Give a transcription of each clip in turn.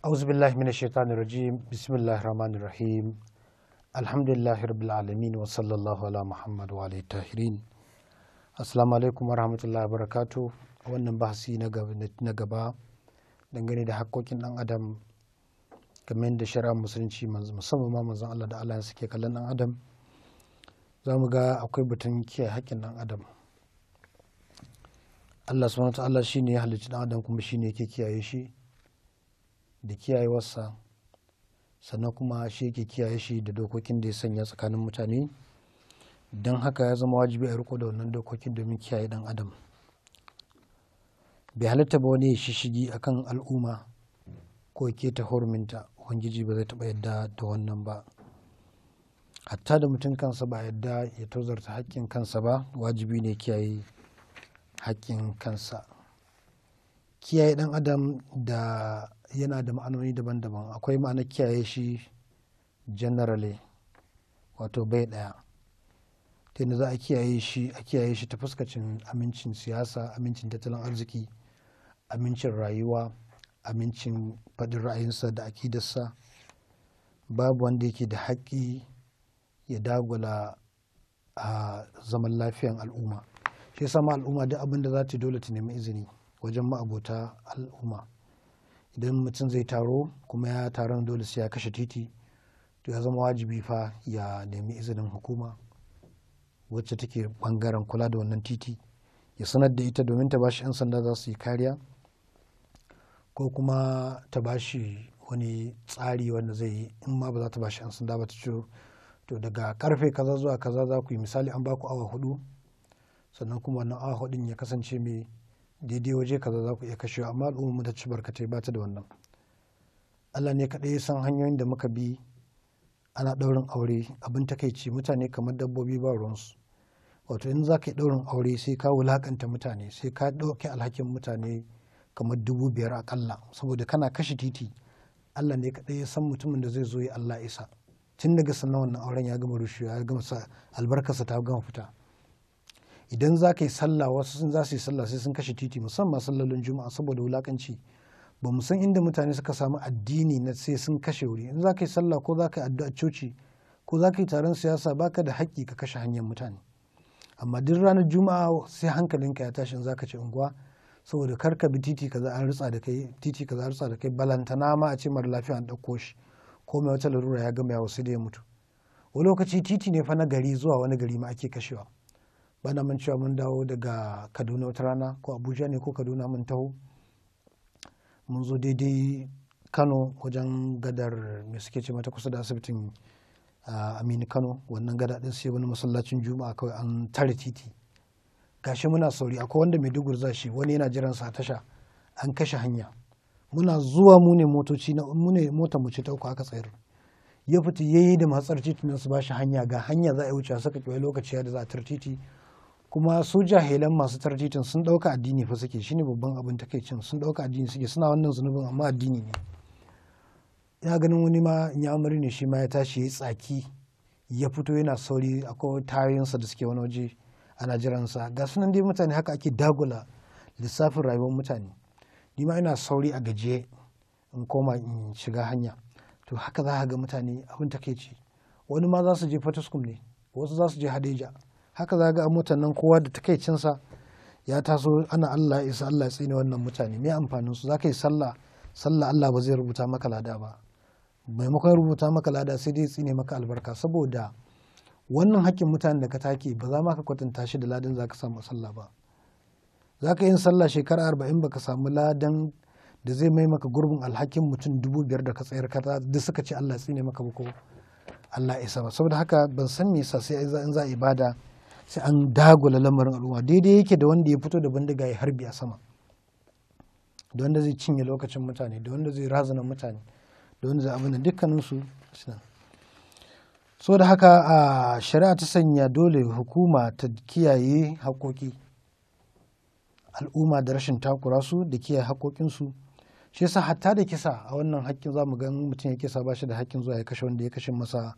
أعوذ بالله من الشيطان rajim, بسم الله الرحمن الرحيم الحمد لله رب العالمين وصلى الله على محمد وعلى الطاهرين assalamu alaikum wa rahmatullahi barakatu a wannan bahasi na gaba dangane da hakokin dan adam game da shari'ar musulunci musamman ma manzon Allah da Allah ya suke kallon dan adam za mu ga akwai batun kiyaye hakkin dan adam Allah subhanahu ta'ala shine ya halicci dan adam kuma shine yake kiyaye shi da kiyayewarsa sannan kuma shi yake kiyaye shi da dokokin da ya sanya tsakanin mutane don haka ya zama wajibi a riko da wannan dokokin domin kiyaye dan adam bai halatta ba wani ya a kan al'umma ko ke ta hurminta ubangiji ba zai taɓa yadda da wannan ba hatta da mutum kansa ba yadda ya tozarta haƙƙin kansa ba wajibi ne kiyaye haƙƙin kansa kiyaye ɗan adam da yana da ma'anoni daban-daban akwai ma'anar kiyaye shi generally wato bai ɗaya ta yadda za a kiyaye shi a kiyaye shi ta fuskacin amincin siyasa amincin tattalin arziki amincin rayuwa amincin faɗin ra'ayinsa da akidarsa babu wanda yake da haƙƙi ya dagula a zaman lafiyan al'umma shi sama al'umma duk abin da za ta dole ta nemi izini wajen ma'abota al'umma idan mutum zai taro kuma ya taron dole sai ya kashe titi to ya zama wajibi fa ya nemi izinin hukuma wacce take bangaren kula da wannan titi ya sanar da ita domin ta ba shi 'yan sanda za su yi kariya ko kuma ta ba shi wani tsari wanda zai yi in ma ba za ta ba shi 'yan sanda ba ta ciro to daga karfe kaza zuwa kaza za ku yi misali an ba ku awa hudu sannan kuma wannan awa hudun ya kasance mai daidai waje kaza za ku iya kashewa amma al'ummar mu ta ci barkatai ba ta da wannan Allah ne kaɗai san hanyoyin da muka bi ana ɗaurin aure abin takaici mutane kamar dabbobi ba ruwansu wato in za ka yi ɗaurin aure sai ka wulakanta mutane sai ka ɗauki alhakin mutane kamar dubu biyar akalla saboda kana kashe titi Allah ne kaɗai ya san mutumin da zai zo ya Allah isa tun daga sannan wannan auren ya gama rushewa ya gama sa albarkarsa ta gama fita idan za ka yi sallah wasu sun za su yi sallah sai sun kashe titi musamman sallolin juma'a saboda wulakanci ba mu san inda mutane suka samu addini na sai sun kashe wuri in za ka yi sallah ko za ka yi addu'a coci ko za ka yi taron siyasa baka da haƙƙi ka kashe hanyar mutane amma duk ranar juma'a sai hankalinka ya tashi in za ka ce unguwa saboda kar ka bi titi kaza an rutsa da kai titi kaza rutsa da kai balantana ma a ce mara lafiya an ɗauko shi ko mai wata larura ya gama ya wasu da ya mutu wani lokaci titi ne fa na gari zuwa wani gari ma ake kashewa bana mun cewa mun dawo daga kaduna wata rana ko abuja ne ko kaduna mun taho mun zo daidai kano wajen gadar me suke ce mata kusa da asibitin aminu kano wannan gada din sai wani masallacin juma'a kawai an tare titi gashi muna sauri akwai wanda mai dugur za shi wani yana jiran sa tasha an kashe hanya muna zuwa mu ne motoci na mu ne mota mu ce ta uku aka tsayar ya fita yayi da matsar titi nan su ba shi hanya ga hanya za a wuce saka kiwai lokaci da za a tar titi kuma su jahilan masu tartitin sun ɗauka addini fa suke shine babban abin takaicin sun ɗauka addini suke suna wannan zunubin amma addini ne ya ganin wani ma in ya ne shi ma ya tashi ya tsaki ya fito yana sauri akwai tayoyinsa da suke wani waje a jiransa ga sunan dai mutane haka ake dagula lissafin rayuwar mutane ni ma ina sauri a gajiye in koma in shiga hanya to haka za ga mutane abin ce wani ma za su je fataskum ne wasu za su je hadeja haka za ga motan nan kowa da takaicinsa ya taso ana Allah ya isa Allah ya tsine wannan mutane mai amfanin su zaka yi sallah sallah Allah ba zai rubuta maka lada ba maimakon rubuta maka lada sai dai tsine maka albarka saboda wannan hakkin mutanen da ka take ba za ma ka kwatanta shi da ladan zaka samu sallah ba zaka yi sallah shekara arba'in baka samu ladan da zai mai maka gurbin alhakin mutum dubu biyar da ka tsayar kata duk suka ce Allah ya tsine maka ba ko Allah ya isa ba saboda haka ban san me yasa sai in za a ibada sai an dagula lamarin al'umma daidai yake da wanda ya fito da bindiga ya harbi a sama da wanda zai cinye lokacin mutane da wanda zai razana mutane da wanda zai abin dukkaninsu so da haka a shari'a ta sanya dole hukuma ta kiyaye haƙoƙi al'umma da rashin takura su da kiyaye haƙoƙinsu shi yasa hatta da kisa a wannan haƙƙin za mu ga mutum ya kisa ba shi da haƙƙin zuwa ya kashe wanda ya kashe masa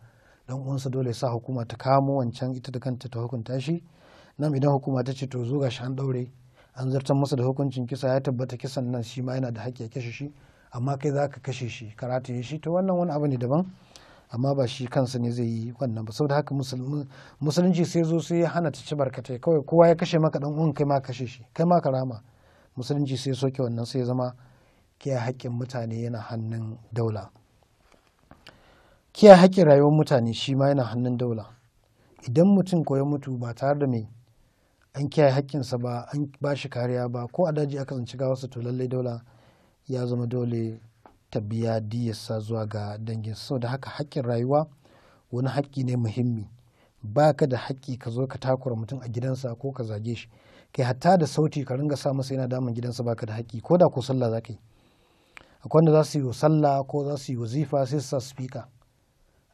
dan uwansa dole ya sa hukuma ta kamo wancan ita da kanta ta hukunta shi nan idan hukuma ta ce to zo gashi an daure an zartar masa da hukuncin kisa ya tabbata kisan nan shi ma yana da haƙƙi ya kashe shi amma kai za ka kashe shi rataye shi to wannan wani abu ne daban amma ba shi kansa ne zai yi wannan ba saboda haka musulunci sai zo sai ya hana ta ci barkatai kawai kowa ya kashe maka dan uwan kai ma kashe shi kai ma karama musulunci sai soke wannan sai ya zama kiyaye haƙƙin mutane yana hannun daula kiyaye haƙƙin rayuwar mutane shi ma yana hannun daula idan mutum ko ya mutu ba tare da mai an kiyaye haƙƙinsa ba an ba shi kariya ba ko a daji aka ga gawarsa to lallai daula ya zama dole ta biya diyarsa zuwa ga dangin saboda haka haƙƙin rayuwa wani haƙƙi ne muhimmi ba ka da haƙƙi ka zo ka takura mutum a gidansa ko ka zage shi kai hatta da sauti ka ringa sa masa yana damun gidansa ba ka da haƙƙi ko da ko sallah za ka yi akwai wanda za su yi sallah ko za su yi wazifa sai su sa spika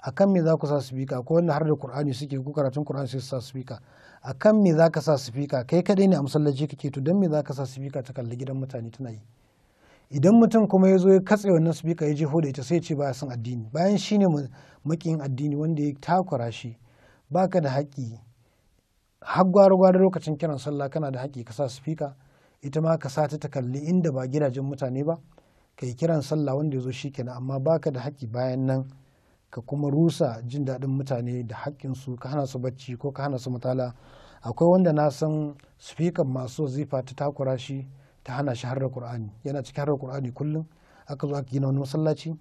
akan me za ku sa sifika ko wanda har da Qur'ani suke ku karatun kur'ani sai su sa a akan me za ka sa sifika kai kadai ne a masallaci kake to dan me za ka sa sifika ta kalli gidan mutane tana yi idan mutum kuma ya zo ya katse wannan sifika ya ho da ita sai ya ce baya son addini bayan shi shine makin addini wanda ya takura shi baka da haƙƙi har gwara-gwara lokacin kiran sallah kana da haƙƙi ka sa sifika ita ma ka sata ta kalli inda ba gidajen mutane ba kai kiran sallah wanda ya zo shi kenan amma baka da haƙƙi bayan nan ka kuma rusa jin daɗin mutane da haƙƙinsu ka hana su bacci ko ka hana su matala akwai wanda na san sifikan masu zifa ta takura shi ta hana shi harar kur'ani yana cikin harar kur'ani kullum aka zo aka gina wani masallaci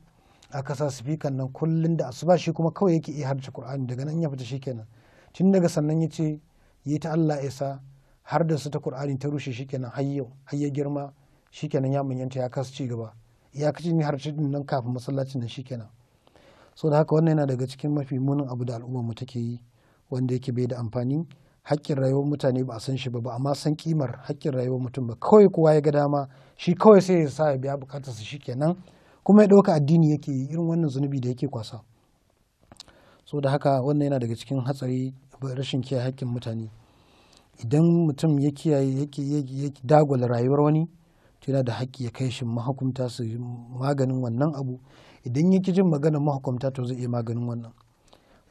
aka sa sifikan nan kullum da asuba shi kuma kawai yake iya harce kur'ani daga nan ya fita shi kenan tun daga sannan ya ce yi ta Allah isa har da su ta kur'ani ta rushe shi kenan har yau ya girma shi kenan ya manyanta ya kasa ci gaba iyakacin harce din nan kafin masallacin nan shi kenan sau da haka wannan yana daga cikin mafi munin abu da al'ummar mu take yi wanda yake bai da amfani haƙƙin rayuwar mutane ba a san shi ba ba amma san kimar haƙƙin rayuwar mutum ba kawai kowa ya ga dama shi kawai sai ya sa ya biya bukatar su shikenan kuma ya ɗauka addini yake yi irin wannan zunubi da yake kwasa so da haka wannan yana daga cikin hatsari rashin kiyaye haƙƙin mutane idan mutum ya kiyaye yake dagula rayuwar wani to yana da haƙƙi ya kai shi mahukunta su maganin wannan abu idan ya jin maganar mahukunta to zai iya maganin wannan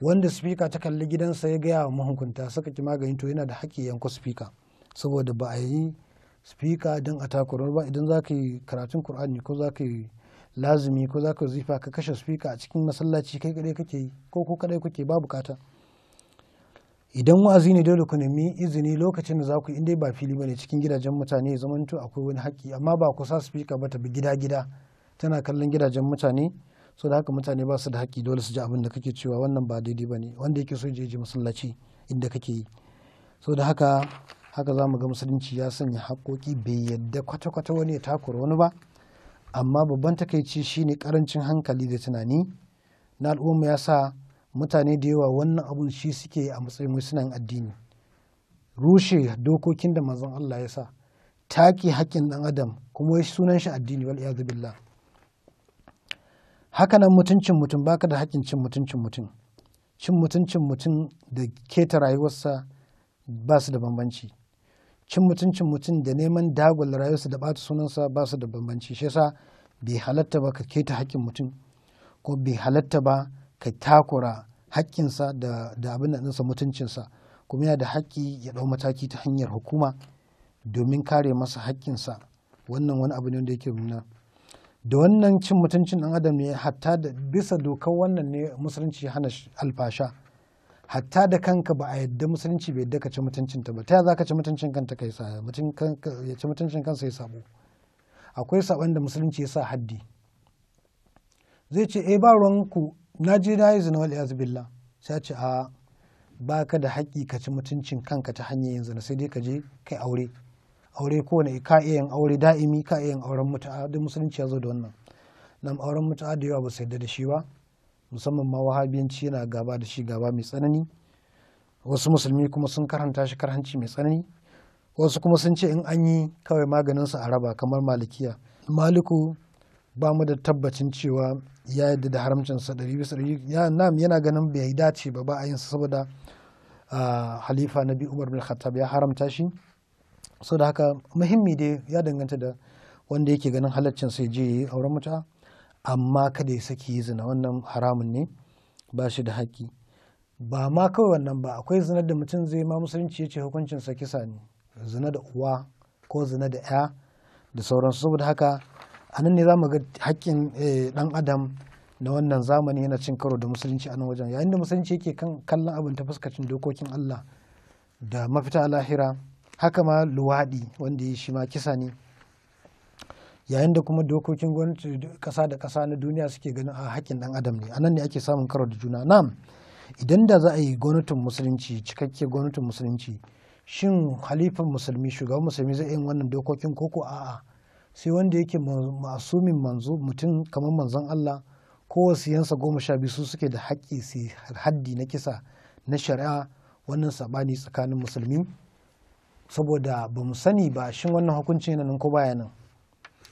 wanda spika ta kalli gidansa ya gaya wa mahukunta suka ki magani to yana da haƙƙi yanko spika saboda ba a yi spika don a takurar ba idan za ka yi karatun kur'ani ko za ka yi lazumi ko za ka zifa ka kashe spika a cikin masallaci kai kadai kake yi ko ko kadai kuke ba bukata idan wa'azi ne dole ku nemi izini lokacin da za ku inda ba fili bane cikin gidajen mutane zamantu zamanto akwai wani haƙƙi amma ba kusa spika ba ta bi gida gida tana kallon gidajen mutane so da haka mutane ba su da haƙƙi dole su ji abin da kake cewa wannan ba daidai ba ne wanda yake so je masallaci inda kake yi so da haka haka za mu ga musulunci ya sanya haƙoƙi bai yadda kwata-kwata wani ya takura wani ba amma babban takaici shine karancin hankali da tunani na al'umma ya sa mutane da yawa wannan abun shi suke a matsayin nan addini rushe dokokin da manzon Allah ya sa take haƙƙin ɗan adam kuma sunan shi addini wal billah haka nan mutuncin mutum baka da haƙƙin cin mutuncin mutum cin mutuncin mutum da keta rayuwarsa ba su da bambanci cin mutuncin mutum da neman dagwal rayuwarsa da ɓata sunansa ba su da bambanci shi yasa bai halatta ba ka keta haƙƙin mutum ko bai halatta ba ka takura haƙƙinsa da abin da ɗinsa mutuncinsa kuma yana da haƙƙi ya ɗau mataki ta hanyar hukuma domin kare masa haƙƙinsa wannan wani abu ne wanda yake nuna da wannan cin mutuncin dan adam ne hatta da bisa dokar wannan ne musulunci hana alfasha hatta da kanka ba a yadda musulunci bai yadda ka ci mutuncin ta ba ta za ka ci mutuncin kanta kai sa mutum ya ci mutuncin kansa ya sabo akwai saban da musulunci ya sa haddi zai ce eh ba ruwanku na je na yi zina wal billah sai ce a ba da haƙƙi ka ci mutuncin kanka ta hanyar yanzu na sai dai ka je kai aure aure ko ne ka iya yin aure da'imi ka iya yin auren mutu'a duk musulunci ya zo da wannan nan auren mutu'a da yawa ba su yarda da shi ba musamman ma wahabiyanci yana gaba da shi gaba mai tsanani wasu musulmi kuma sun karanta shi karhanci mai tsanani wasu kuma sun ce in an yi kawai maganin su a raba kamar malikiya maliku ba mu da tabbacin cewa ya yadda da haramcin sa ɗari bisa ɗari nam yana ganin bai dace ba ba a yin saboda ah, halifa na bi umar bin khattab ya haramta shi so da haka muhimmi dai ya danganta da wanda yake ganin halaccin sai je yi auren mata amma kada ya saki yi zina wannan haramun ne ba shi da haƙƙi ba ma kawai wannan ba akwai zina da mutum zai ma musulunci ya ce hukuncin sa kisa ne zina da uwa ko zina da ya da sauransu saboda haka a nan ne za mu ga haƙƙin eh, ɗan adam na wannan zamani yana cin karo da musulunci a nan wajen yayin da musulunci yake kan kallon abin ta fuskacin dokokin Allah da mafita lahira haka ma luwaɗi wanda ya shi ma kisa ne yayin da kuma dokokin gwamnati kasa da kasa na duniya suke ganin a haƙƙin ɗan adam ne anan ne ake samun karo da juna nam idan da za a yi gwamnatin musulunci cikakke gwamnatin musulunci shin halifan musulmi shugaban musulmi zai yin wannan dokokin koko a'a sai wanda yake masumin manzo mutum kamar manzon Allah ko yansa goma sha biyu su suke da haƙƙi su haddi na kisa na shari'a wannan sabani tsakanin musulmi saboda ba mu sani ba shin wannan hukuncin yana nan ko baya nan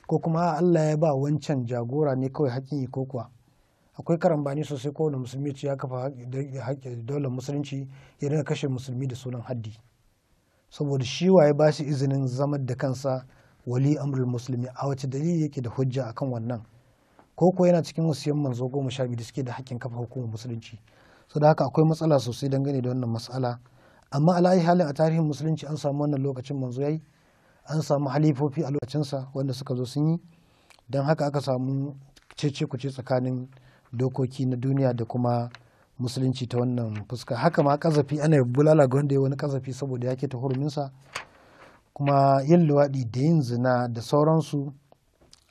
ko kuma Allah ya ba wancan jagora ne kawai hakin yi ko kuwa akwai karambani sosai wani musulmi ya kafa daular musulunci ya dinga kashe musulmi da sunan haddi saboda shi waye ba shi izinin zama da kansa wali amrul musulmi a wace dalili yake da hujja akan wannan ko ko yana cikin wasu manzo goma sha biyu da suke da hakkin kafa hukumar musulunci saboda haka akwai matsala sosai dangane da wannan matsala amma alayi halin a tarihin musulunci an samu wannan lokacin manzo yayi an samu halifofi a lokacinsa wanda suka zo sun yi don haka aka samu cece kuce tsakanin dokoki na duniya da kuma musulunci ta wannan fuska haka ma kazafi ana bulala ga wanda ya wani kazafi saboda yake ta huruminsa kuma yin luwaɗi da yin zina da sauransu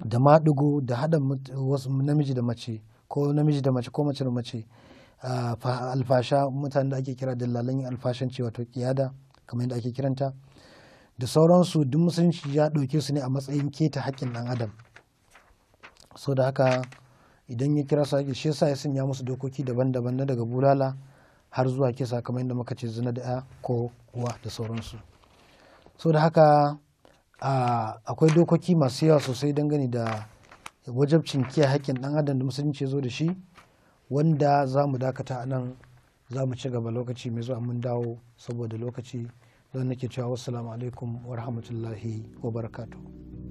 da maɗigo da haɗa namiji da mace ko namiji da mace ko mace da mace alfasha mutanen da ake kira da yin alfashan cewa to kiyada kamar yadda ake kiranta da sauransu duk musulunci ya ɗauke su ne a matsayin keta haƙƙin ɗan adam so da haka idan ya kira su haƙƙi shi yasa ya sanya musu dokoki daban-daban na daga bulala har zuwa kisa kamar yadda muka ce zina da ya ko kuwa da sauransu so da haka akwai dokoki masu yawa sosai dangane da wajabcin kiyaye haƙƙin ɗan adam da musulunci ya zo da shi wanda za mu dakata a nan za mu ci gaba lokaci mai zuwa mun dawo saboda lokaci don nake cewa wasu alaikum wa rahmatullahi wa barakatuh